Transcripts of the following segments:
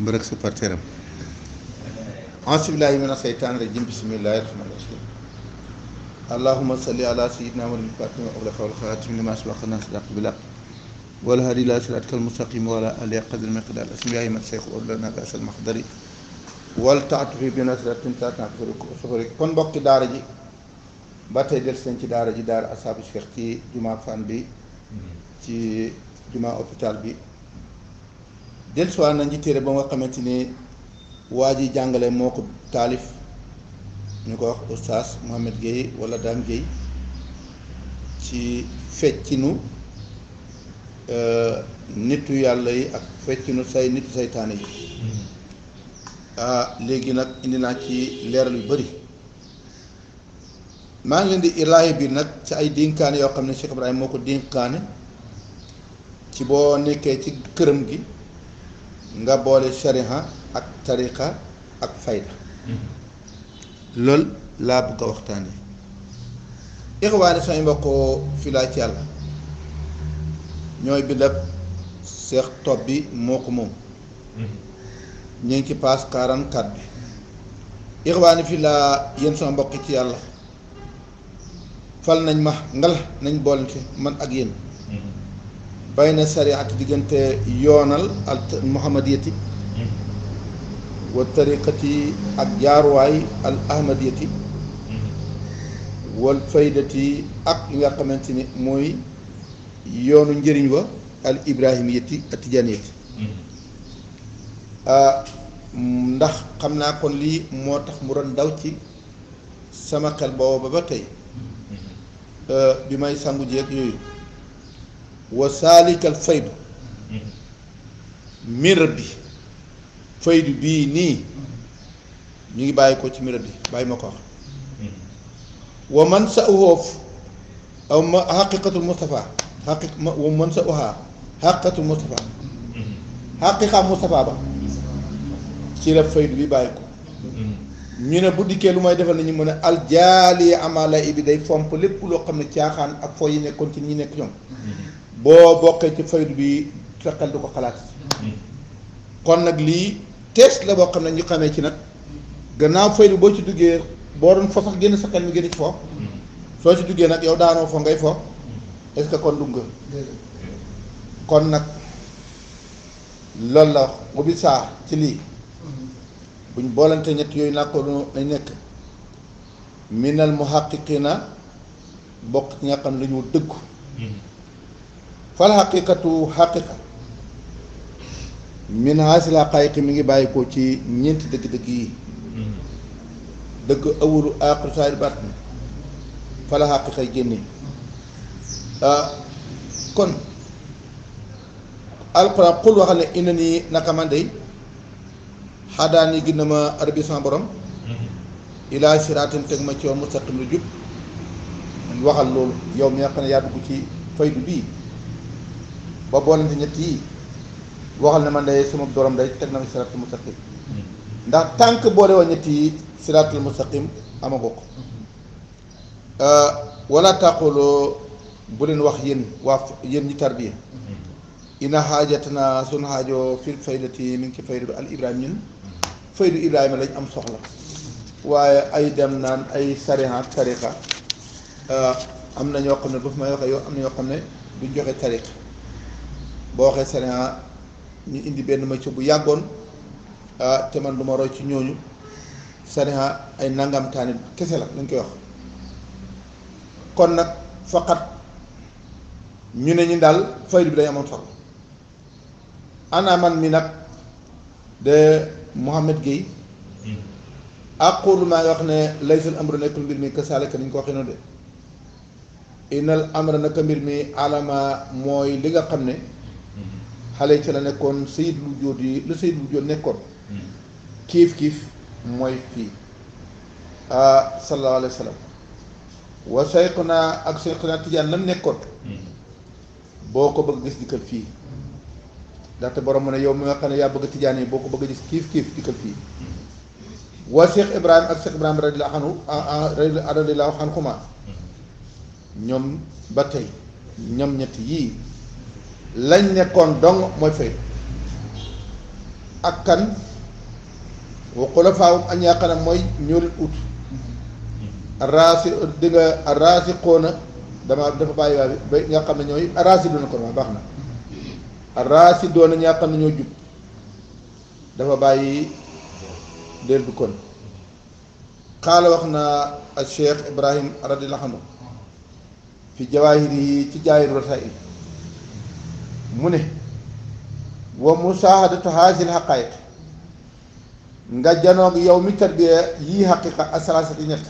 mbërëg supporter am ansibilahi mina seytaan rajim bismillahi rahmani rahim allahuma salli ala sayidina muhammadin fatima ablaqa wal khatimi lima sabaqa nas daq bilaq wal hadi ila siratika al mustaqim wa ala alihi qadr miqdar asmiyahi man shaykh ulana bas al mahdari wal ta'tufi bi nasratin ta'tafiruka sukuri kon mbokki daara ji ba tey del seen ci daara ji daara asaabu cheikh ci jumaa fan bi ci jumaa hôpital bi dellusiwaat nañ ci téere ba nga xamante ni waa ji jàngale moo ko taalif ñu ko wax oustaz Mohamed Gueye wala Dame Gueye ci feccinu euh, nitu yàlla yi ak feccinu say nitu saytaane yi mm-hmm. ah, léegi nag indi naa ci leeral yu bari maa ngi leen di laaye biir nag ci ay dénkaane yoo xam ne Cheikh Ibrahima moo ko dénkaane ci boo nekkee ci këram gi nga boole shariha ak tariqa ak fayda mm-hmm. loolu laa bëgg a waxtaane ixwaane samay mbokkoo fi ci yàlla ñooy bindab seex topp bi moo ko moom mm-hmm. ñu ngi ci paas 44 bi ixwaane fi laa sama mbokk ci yàlla fal nañ ma ngal nañ bol boolante man ak yéen bayna shari'at digante yonal al muhammadiyati wa tariqati ak way al ahmadiyati wal faydati ak li nga xamanteni moy yonu njëriñ wa al ibrahimiyati atijaniyati ndax xamna kon li motax mu ron daw ci sama xel booba ba tey Euh, bi may sangu jeeg yooyu wa saalikal faydu miir bi faydu bii nii ñu ngi bàyyi ko ci miir bi bàyyi ma ko wax wa man aw ma xaqiqatul Moustapha xaqi wa man mm-hmm. ba ci la faydu bi bàyyi ko mm-hmm. ñu ne bu dikkee lu may defal nañu mu ne aljaali amala ibi day fomp lépp loo xam ne caaxaan ak foo yi nekkoon ci ñi nekk ñoom boo bokkee ci faydu bi saxel du ko xalaat kon nag lii test la boo xam ne ñu xamee ci nag gannaaw faydu boo ci duggee boo doon fo sax génn sa xel mi génn ci fo soo ci duggee nag yow daanoo fo ngay fo est-ce que kon dunga kon nag loolu la wax bi ci lii buñ boolante ñett yooyu nàkkoon ay nekk minal muhaqiqina bokk ci nga xam ne dañoo dëggu fal xaqiqatu xaqiqa min haasil xaqaayiq mi ngi bàyyi ko ci ñeenti dëgg-dëgg yi dëgg awalu aaxiru saari baat mi fala xaqiqa génne ah, kon alquran xul waxal ne ina nii naka man day xaadaan yi gën ma arabi sama borom mm-hmm. ilaa siraatin teg ma ci yoon mustaqim waxal loolu yow mi nga xam ne yaa ci faydu bii ba boolante ñett yi waxal ne man day sama borom day teg na ma siraatul mustaqim mm-hmm. ndax tànk boole wa ñett yi siraatul mustaqim ama ko mm-hmm. euh, wala taqulu bu leen wax yéen waa yéen ñi tarbiya ina xaajatana sun xaajoo fil faydati mi ngi ci faydu bi al ibrahim ñun faydu Ibrahima lañ am soxla waaye ay dem naan ay sariha tariqa ah, am na ñoo xam ne bu fi may waxee yow am na ñoo xam ne duñ joxe tariqa boo waxee sariha ñu indi benn métier bu yàggoon ah, te man du ma roy ci ñooñu sariha ay nangam taanit kese la lañ koy wax kon nag faqat ñu ne ñu daal faydu bi dañ amoon soxla ana mi nag de. محمد جي أقول ما يقنى ليس الأمر نكمل بالمي كسالة كنين كوخينو دي إن الأمر نكمل مي على ما موي لغا قمنى حالي تلا نكون سيد لوجو دي لسيد لوجو نكون كيف كيف موي في آه صلى الله عليه وسلم وسيقنا أكسيقنا تجان لم نكون بوكو بغيس ديكال فيه ndaxte borom mu ne yow mi nga xam ne yaa bëgg a tijaan yi boo ko bëgg a gis kiif kiif dikkal fii waa Cheikh ak Cheikh Ibrahima radiyallaahu anhu radiyallaahu anhumaa ñoom ba tey ñoom ñett yii lañ nekkoon dong mooy fay ak kan wa xulafaawum ak ñaa xam mooy ñoo leen ut raasi di nga raasi xoona dama dafa bàyyi waa bi nga xam ne ñooy raasi duna kon waa baax na raasi doon ñi nga xam jub dafa bàyyi leen du kon xaala wax na ak Cheikh Ibrahim radiyallahu anhu fi jawaahir yi ci jaayiru rasail mu ne mu musaahadatu haasil xaqaayiq nga janoog yow mi tarbiya yii xaqiqa asalaasati ñett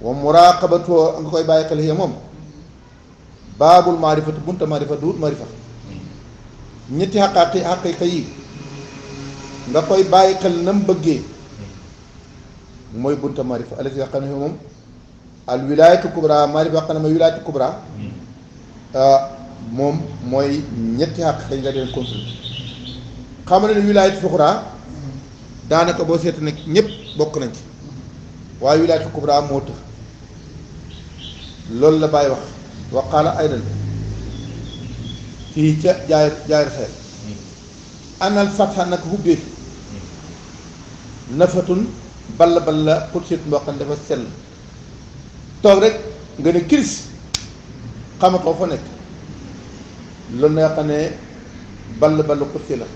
wa muraqabatoo nga koy bàyyi xel moom baabul maarifatu bunta maarifa duut maarifa ñetti xaqaaqi xaqiqa yi nga koy bàyyi xel nam bëggee mooy bunta marifa alati wax xam ne moom al wilayatu kubra marifa wax xam ne mooy wilayatu ah moom mooy ñetti xaqiqa yi nga leen construire xam ne ne wilayatu suxra daanaka boo seet nag ñëpp bokk nañ ci waaye wilayatu kubra moo tëx loolu la bàyyi wax waqaala aydan fii ca jaay jaay xel hmm. anal fatxa nag hubbeeku hmm. nafatun balla balla xursit mboo xam dafa sell toog rek nga ne kiris xamatoo fa nekk loolu na xam ne balla la xursi hmm. la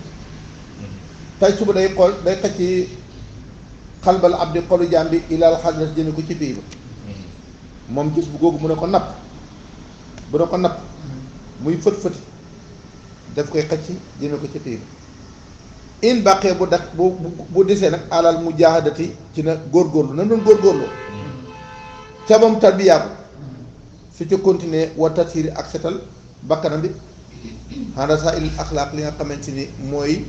tey suba day xool day xëcc xalbal abdi xolu jaam bi ilaal xadras jëne ko ci bii ba moom gis bu googu mu ne ko napp bu ne ko napp muy fët fëti daf koy xëcc dina ko ci tiim in bàqee bu dak bu bu desee nag alal mu jaahadati ci na góorgóorlu na doon góorgóorlu ca moom tarbiyaa ko su ca continuer wa tasiri ak setal bakkanam bi xanaa saa il axlaaq li nga xamante ni mooy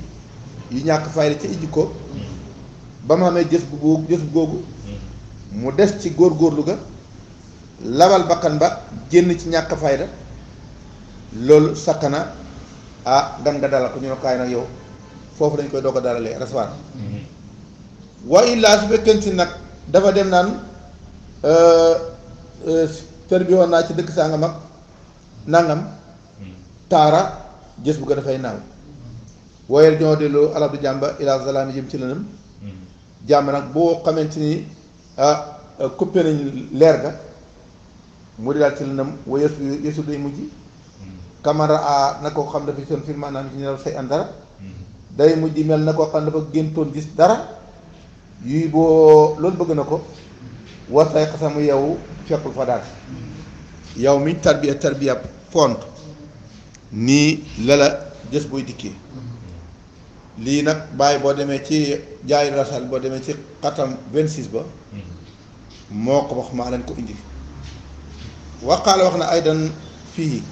yu ñàkk fayda ca ijji ko ba mu xamee jëf bu jëf googu mu des ci góor góorgóorlu ga labal bakkan ba génn ci ñàkk fayda loolu sakkana ah gan nga dalal ko ñu ne kaay nag yow foofu dañ koy dog a dalalee recevoir mhm. wa illaa su fekkente nag dafa dem naan fer euh, euh, bi woon naa ci dëkk sangam ak nangam mhm. taara gis bu ko dafay naaw wooyel ñoo delloo alab du jàmba ilaa salaam jëm ci lënam mhm. jàmb nag boo xamante ni ah coupé nañ leer ga mu di daal ci lënam wa yesu yesu day mujj kamara a na koo xam dafa gisoon fil maanaam ci nelaw say an dara day mujj mel na koo xam dafa géntoon gis dara yuy boo loolu bëgg na ko war say xasamu yow fekkul fa daal yow mi tarbiya tarbiya pont nii lala gës buy dikkee lii nag baay boo demee ci jaay rasal boo demee ci xatam 26 ba moo ko wax maa leen ko indi waqaala wax na aydan fii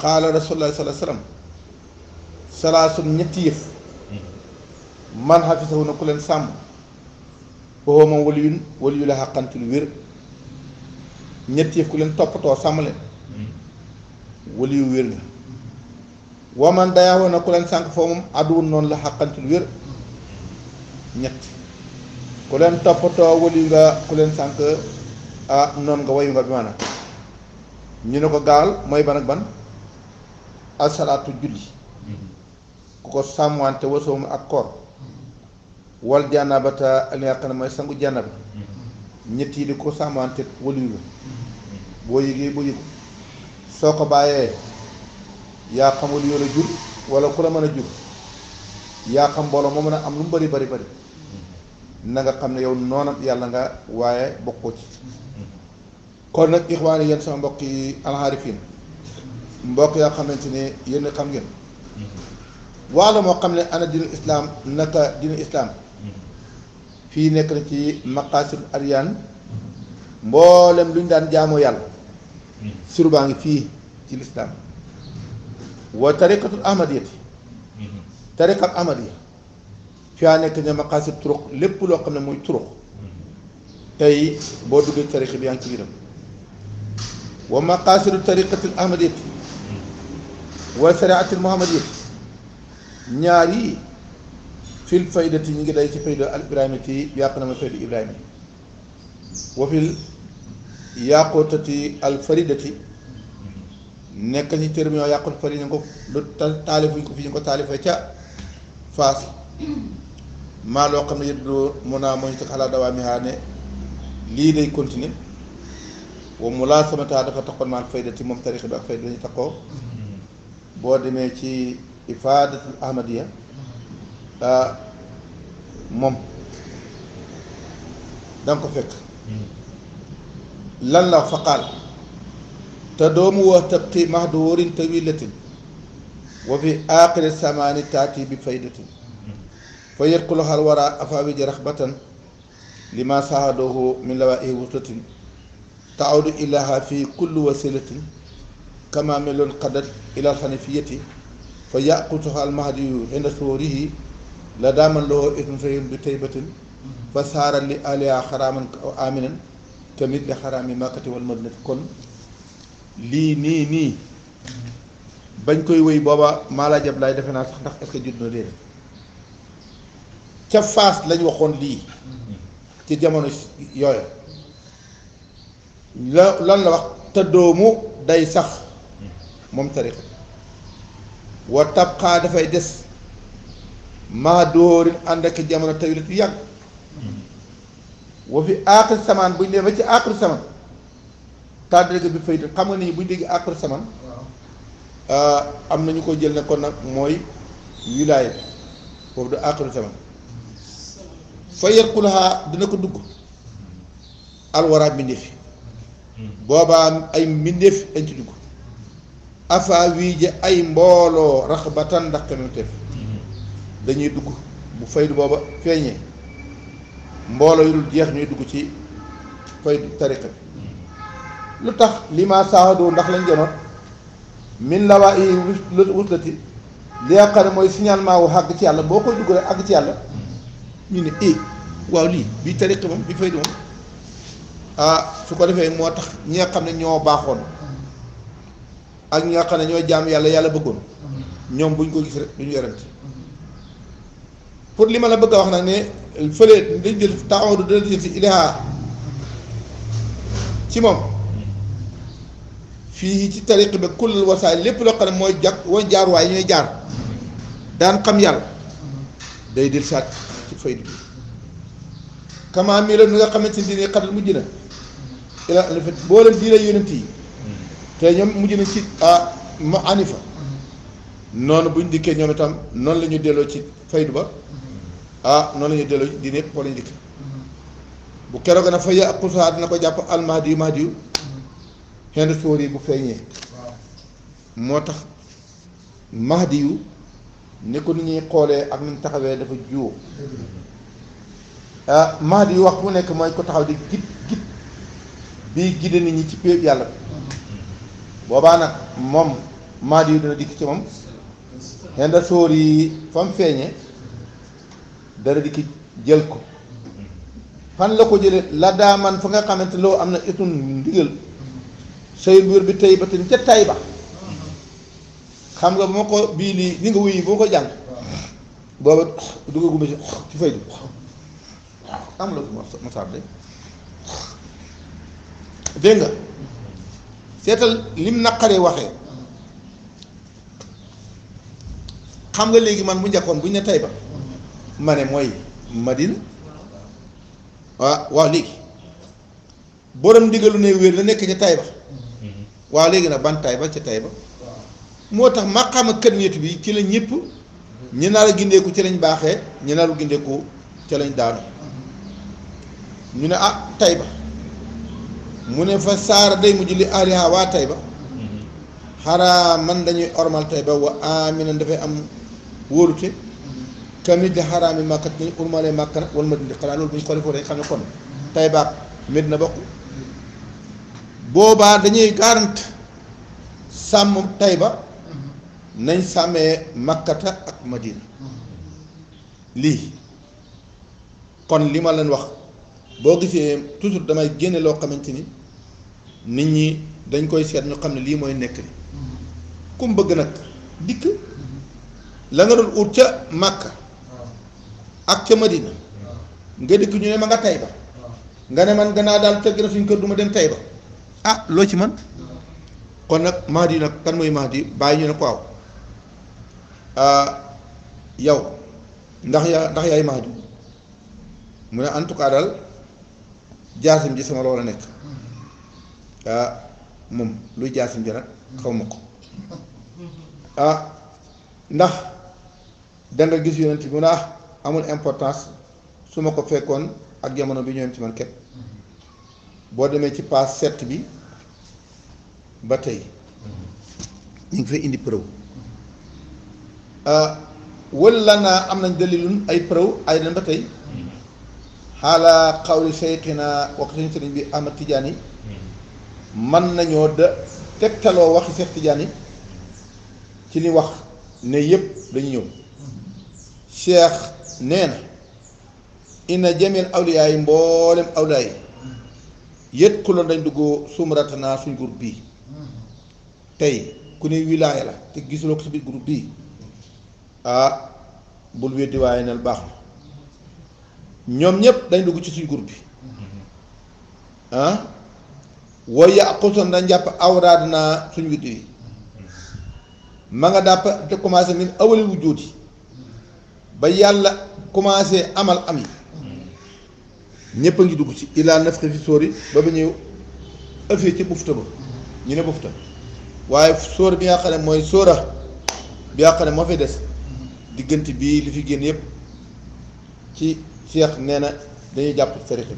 qaala rasulullah sallallahu alayhi wasallam salaasun ñetti yëf man xafisahu na ku leen sàmm boobu moom waliyun waliyu la xàqanti wér ñetti yëf ku leen toppatoo sàmm leen waliyu wér nga waa man dayaaxoo na ku leen sànq foo moom àdduwul noonu la xàqanti lu wér ñett ku leen toppatoo waliyu ku leen sànq ah noonu nga wayu nga bi maanaam ñu ne ko gaal mooy ban ak ban alsalaatu julli ku ko sàmmante wasoomu ak koor wal jànnaabata li nga sangu jànnaaba ñett yi di ko sàmmante waliyu boo yëgee boo yëgu soo ko bàyyee yaa xam waliyu la jur wala ku la mën a jur yaa xam mbooloo moo mën a am lu mu bari bari bari na xam ne yow noonam yàlla nga waaye bokkoo ci kon nag ixwaani yéen sama mbokk yi alxaarifin mbokk yoo xamante ne yéen xam ngeen waalo moo xam ne ana dinu islam naka dinu islam fii nekk na ci maqasid aryan mboolem luñ ñu daan jaamoo yàlla surbaa ngi fii ci lislaam wa tariqatul ahmadiyati tariqam ahmadiya fiaa nekk ne maqasid turuq lépp loo xam ne muy turuq tey boo duggee tariq bi yaa ngi ci biiram wa maqasidu tariqatil ahmadiyati wa saraatil muhammadiyya ñaar yi fil faydati ñu ngi day ci fayda al ibrahimati yàq na ma fayda ibrahima wa fil yàqutati al faridati nekk ci terme yoo yàqut fari ñu ko lu taalifuñ ko fi ñu ko taalifa ca faas maa loo xam ne yëpp doo mun a mooy xalaa dawaa mi lii day continuer wa mu laa sama taa dafa taxoon ma al faydati moom tariix bi ak fayda dañu taxoo boo demee ci ifaadatul ahmadiya ah, moom danga ko fekk lan la faqaal te doomu wax tabqi mahduurin tawilatin wa fi aaxiri taati bi faydatin fa yadxulu xal waraa afawiji raxbatan lima sahadoohu min lawaa'ihi wuslatin taawdu ilaha fi kulli wasilatin kama meloon qadat الى الحنفيه فياقطها المهدي عند ثوره لداما له ابن فهيم بتيبه فصار لآلها حراما امنا تمد لحرام مكه والمدنه كن لي ني ني بن كوي وي بابا ما لا جاب لاي دافنا صح داك اسكو جودنا دير تا فاس لا نخون لي تي جامونو يوي لا لان لا وخ تدومو داي صح moom tariqa bi wa tabqaa dafay des maa dóorin ànd ak jamono tawilat yu yàgg wa fi aaxir samaan buñ demee ci aaxir samaan tàddale bi fay xam nga ni buñ dégg aaxir samaan am na ñu ko jël ne kon nag mooy wilaaya bi foofu du aaxiru zaman fa yarqulaha dina ko dugg alwara mbindéef hmm. boobaa ay mbindéef dañ ci dugg afa wiije ay mbooloo raxbatan ndaqanante dañuy dugg bu faydu booba feeñee mbooloo yu dul jeex ñuy dugg ci faydu tariqa bi lu tax li ma saahadoo ndax lañ jonoon min la waa i wutlati li nga xam ne mooy signalement wu àgg ci yàlla boo koy dugg rek àgg ci yàlla ñu ne eh waaw lii bi tariqa moom bi faydu moom ah, su ko defee moo tax ñi nga xam ne ñoo baaxoon ak ñi nga xam ne ñooy jaam yàlla yàlla bëggoon ñoom buñ ko gis rek duñu yorante pour li ma la bëgg a wax nag ne fële dañ jël taawadu dana jël si ilaha ci moom fii ci tariq bi kullal wasaay lépp loo xam ne mooy jàkk mooy jaarwaay ñooy jaar daan xam yàlla day dil saat ci faydu bi kama mi la ni nga xamante ni xatal mujj na ila boo leen diine yonent yi te ñoom mujj na ci ah ma anifa noonu buñ dikkee ñoom itam noonu la ñu delloo ci faydu ba ah noonu la delloo diine yëpp foofu la ñu dikkee bu keroog fa ya xusaa dina ko jàpp almahdi yu mahdi yu xend sóor yi bu feeñee moo tax mahdi yu ni ko ni ñuy xoolee ak ni mu taxawee dafa jiwoo ah mahdi yu wax bu nekk mooy ko taxaw di git git bii gide nit ñi ci péeb yàlla boobaa nag moom maadi yu dina dikk ci moom xenda sóor yi fa mu feeñe dara dikki jël ko fan la ko jële la daaman fa nga xamante loo am na itun ndigal sayul wér bi tey ba ten ca tay ba xam nga bu ma ko bii lii li nga wuyi boo ko jàng booba dugaguma ci ci fay du am la bu ma sàdd dégg nga seetal lim naqaree waxee xam nga léegi man bu njëkkoon bu ñu ne Taïba ma ne mooy Madina waa waaw léegi borom diggalu ne wér la nekk ca Taïba waa léegi nag ban Taïba ca Taïba moo tax maqaama kër ñett bi ci la ñëpp ñi nar a gindeeku ci lañ baaxee ñi naru gindeeku ci lañ daanu ñu ne ah Taïba mune fa sar day mu julli aliha wa tayba hara man dañuy ormal tayba ba wa aminan fay am wóolute kamit li xaraa mi màkkat nañu ormale màkk nag wala ma dindi xanaa loolu bu ñu xoolee rek xamna kon tayba baak bok boba dañuy garant sam tayba nañ samé makkata ak madina li kon lima lan wax bo gisé toujours damay génne lo xamanteni nit ñi dañ koy seet ñu xam ne lii mooy nekk ni ku bëgg nag dikk la nga doon ut ca màkk ak ca Madina nga dikk ñu ne ma nga Tayba nga ne man gannaaw daal tëgg na suñu kër duma ma dem ba ah loo ci man kon nag Mahdi nag kan mooy Mahdi bàyyi ñu ne ko waaw ah, yow ndax yaa ndax yaay Mahdi mu ne en tout cas daal jaasim ji sama loola nekk ah moom luy jaasim ji nag xaw ma ko ah, ndax da nga gis yonent bi mu ne ah, amul importance su ma ko fekkoon ak jamono bi ñoom ci man ket boo demee ci paas sept bi ba tey ñu ngi fay indi preuve ah, wala naa am nañ dalilun ay preuve ay den ba tey xaala xawli seyxina waxtu sëriñ bi Ahmad Tijaani mën nañoo da tegtaloo waxi Seex Tijaan yi ci li wax ne yépp dañu ñëw Cheikh nee na inna jamil awliyaa yi mboolem awliyaa yi yët ku loon dañ dugg sumratanaa suñ groupe bi tey ku ne wilaaya la te gisuloo ko si biir groupe bi ah bul weddi waaye nel baax na ñoom ñëpp dañ dugg ci suñ groupe bi ah, wooy ya xusoon dañ jàpp awraad naa suñ witt wi ma nga dàpp te commencé min awalil wu jóoti ba yàlla commencé amal am yi ñëpp ngi dugg ci ilaa naf fi soori ba ba ñëw ëffee ci bufta ba ñu ne bufta waaye soor bi nga xam ne mooy soora bi nga xam ne moo fi des diggante bii li fi génn yëpp ci seex nee na dañuy jàpp sarixi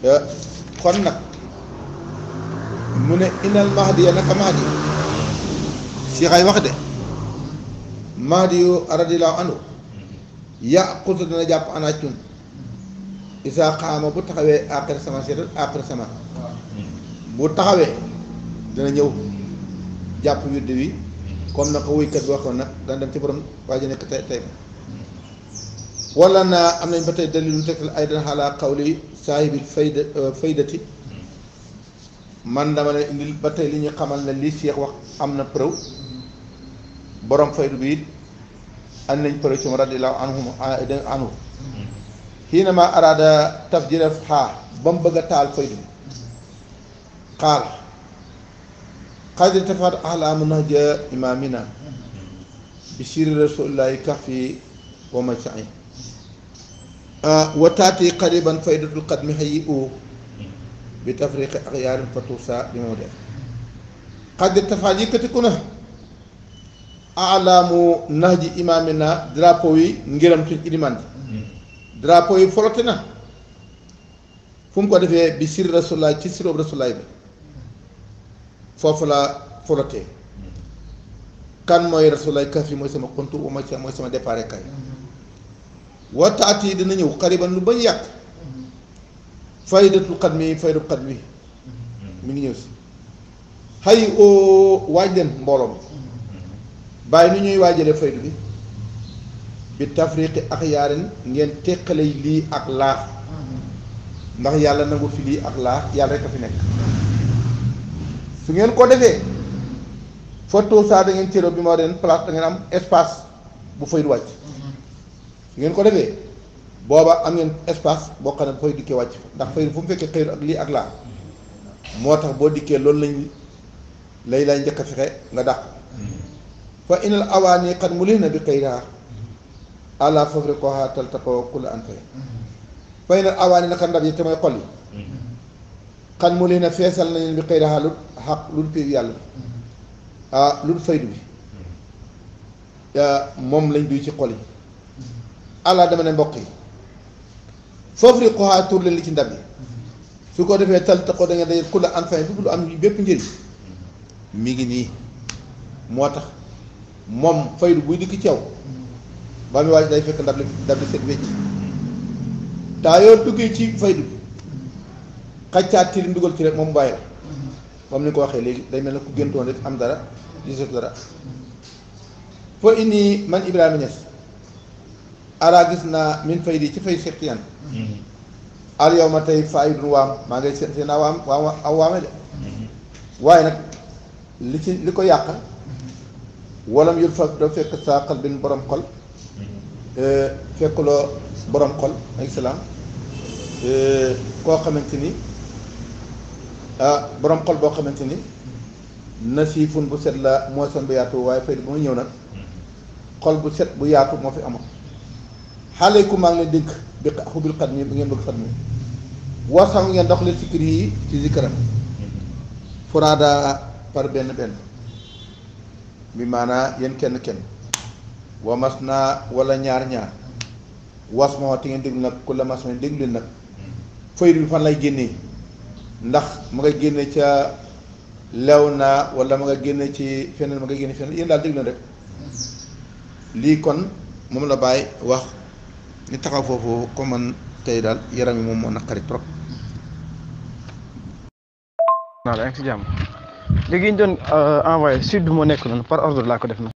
bi eh, nag mu ne inal mahdiya naka mahdi Cheikh ay wax de mahdi yu radiyallaahu anhu yàqutu dana jàpp ana cun isaa xaama bu taxawee aaxir samaan seetal aaxir samaan bu taxawee dana ñëw jàpp wird wi comme na ko wuykat bi waxoon nag dana dem ci borom waa ji nekk tey tey wala naa am nañ ba tey dalilu tegtal ay dana xalaa xawli saahibil fayda faydati man dama ne indil ba tey li ñu xamal ne li Cheikh wax am na preuve borom faydu bi it an nañ preuve ci ma radiallahu anhum anhu xiina ma araada tafjira xaa ba mu bëgg a taal faydu bi xaal xadri tafaat ahlaamu nahja imaamina bi siri rasulillahi kahfi wa macain wa taati qariban faydatul qadmi hayi u bi tafriqi ak yaarin fatu saa li mu def xaddi tafaat yëkkatiku na alaamu nax ji imaamina drapeau yi ngiram suñ iliman ji drapeau yi folote na fu ko defee bi sir rasulaay ci siróob rasulaay bi foofu la folotee kan mooy rasulaay kaf yi mooy sama kontu mooy sama départ kay waxtaat yi dina ñëw xariban lu bañ yàq faydatul mi faydatul xadmi mm-hmm. mi ngi ñëw si xay oo waaj leen mbooloo mi bàyyi nu ñuy waajalee faydu bi bi tafriqi ak yaaren ngeen teqale lii ak laax mm-hmm. ndax yàlla nangu fi lii ak laax yàlla rekk a fi nekk su ngeen ko defee foto saa da ngeen cëroo bi ma den place da am espace bu faydu wàcc mm-hmm. su ngeen ko defee booba am ngeen espace boo xam ne koy dikkee wàcc fa ndax fay fu mu fekkee xëyru ak lii ak laa moo tax boo dikkee loolu lañ lay lay njëkk a fexe nga dàq fa inal awaani xat mu lina bi xëyraa àla fafrikoha taltaqoo kula an fay fa naka ndab yi te xol yi xan mu lina feesal nañu bi xëyraa lu xaq lu piiw yàlla lu faydu bi moom lañ duy ci xol yi àlla dama ne mbokk yi foofu rek xooxaa tour leen li ci ndab yi su ko defee tal taqoo da nga day ku la an fay lu am bépp njëriñ mi ngi nii moo tax moom faydu buy dikk ceew ba mu waaj day fekk ndab li set wecc taa yoo duggee ci faydu bi xaccaat tilim dugal ci rek moom bàyyi la moom ni ko waxee léegi day mel ne ku géntoon rek am dara gisatu dara foo indi man Ibrahima Niass ara gis naa min faydi ci fay seqtiyan Mm-hmm. al yow ma tey fa ay dun waam maa ngay seen seen awaam waam aw de mm-hmm. waaye nag li ci li ko yàq mm-hmm. walam yul fa da fekk saa xal bin borom xol euh, fekkuloo borom xol ay salaam euh, koo xamante ni ah borom xol boo xamante ni na sii fun bu set la moo seen bu yaatu waaye fay bu muy ñëw nag xol bu set bu yàqu moo fi amoon xaale maa ngi dégg bi xubil xat mi bi ngeen bëgg xat mi wasaw ngeen dox li sikir ci zikaram furaada par benn benn bi maanaa yéen kenn kenn wa masna wala ñaar ñaar was moo te ngeen déglu nag ku la mas nak, déglu nag fayit gini, fan lay génnee ndax ma nga wala ma nga génne ci feneen ma nga génne feneen yéen daal déglu rek lii kon moom la bàyyi wax ñu taxaw foofu ko man tey daal yaram yi moom moo naqari trop. naa la ak si jàmm léegi ñu doon euh, envoyé sud bi moo nekk noonu par ordre laa def